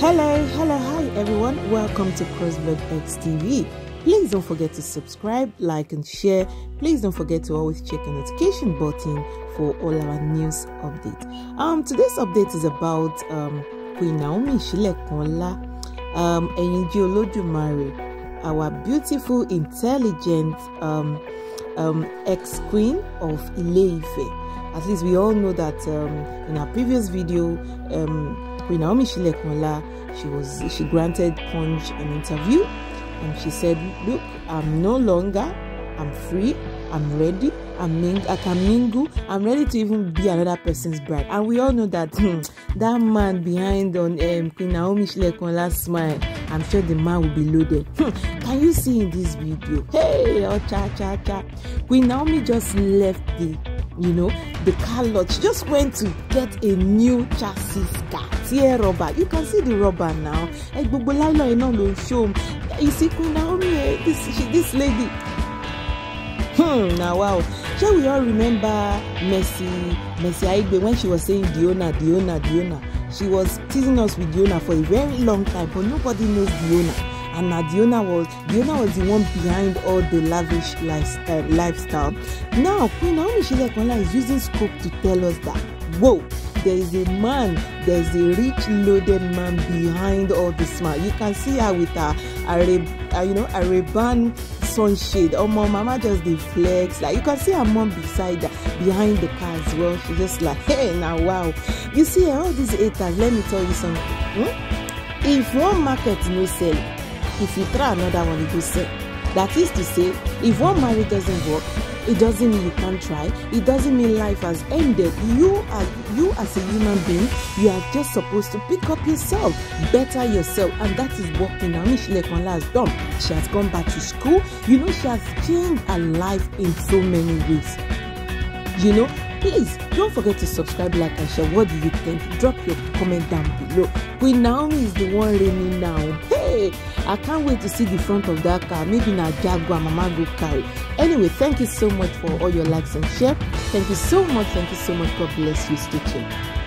Hello, hello, hi everyone. Welcome to Crossblog X TV. Please don't forget to subscribe, like, and share. Please don't forget to always check the notification button for all our news updates. Um, today's update is about um Queen Naomi Shilekonla, um, Eyinji Mari, our beautiful, intelligent um, um ex-queen of ile at least we all know that um, in our previous video, um, Queen Naomi Shilekunla, she was she granted Punch an interview, and she said, "Look, I'm no longer, I'm free, I'm ready, I'm ming- I can mingle, I'm ready to even be another person's bride." And we all know that hmm, that man behind on um, Queen Naomi Shilekunla's smile, I'm sure the man will be loaded. Hmm, can you see in this video? Hey, oh cha cha cha, Queen Naomi just left the you know the car lot she just went to get a new chassis car tear rubber you can see the rubber now ẹ gbogbo láìlọ iná ló ń show ìsìnkú naomi ẹ this she, this lady hmm na wow shey we all remember mercy mercy aigbe when she was saying diona diona diona she was teasing us with diona for a very long time but nobody knows diona and now Diona was Diona was the one behind all the lavish lifestyle. Eh, lifestyle. Now Queen Naomi Shilekola is using scope to tell us that whoa there is a man there is a rich loaded man behind all this man you can see her with her Arab, uh, you know Araban sunshade omo mama just dey flex like you can see her mom beside her behind the car as well she just like hey na wow you see eh, all these haters let me tell you something hmm? if one market no sell if you try another one, you will say That is to say, if one marriage doesn't work, it doesn't mean you can't try. It doesn't mean life has ended. You are you as a human being, you are just supposed to pick up yourself, better yourself, and that is what Naomi Shilekanla has done. She has gone back to school. You know, she has changed her life in so many ways. You know, Please don't forget to subscribe, like, and share. What do you think? Drop your comment down below. Queen Naomi is the one reigning now. Hey, I can't wait to see the front of that car. Maybe na Jaguar Mama go carry. Anyway, thank you so much for all your likes and share. Thank you so much. Thank you so much. God bless you. Stay tuned.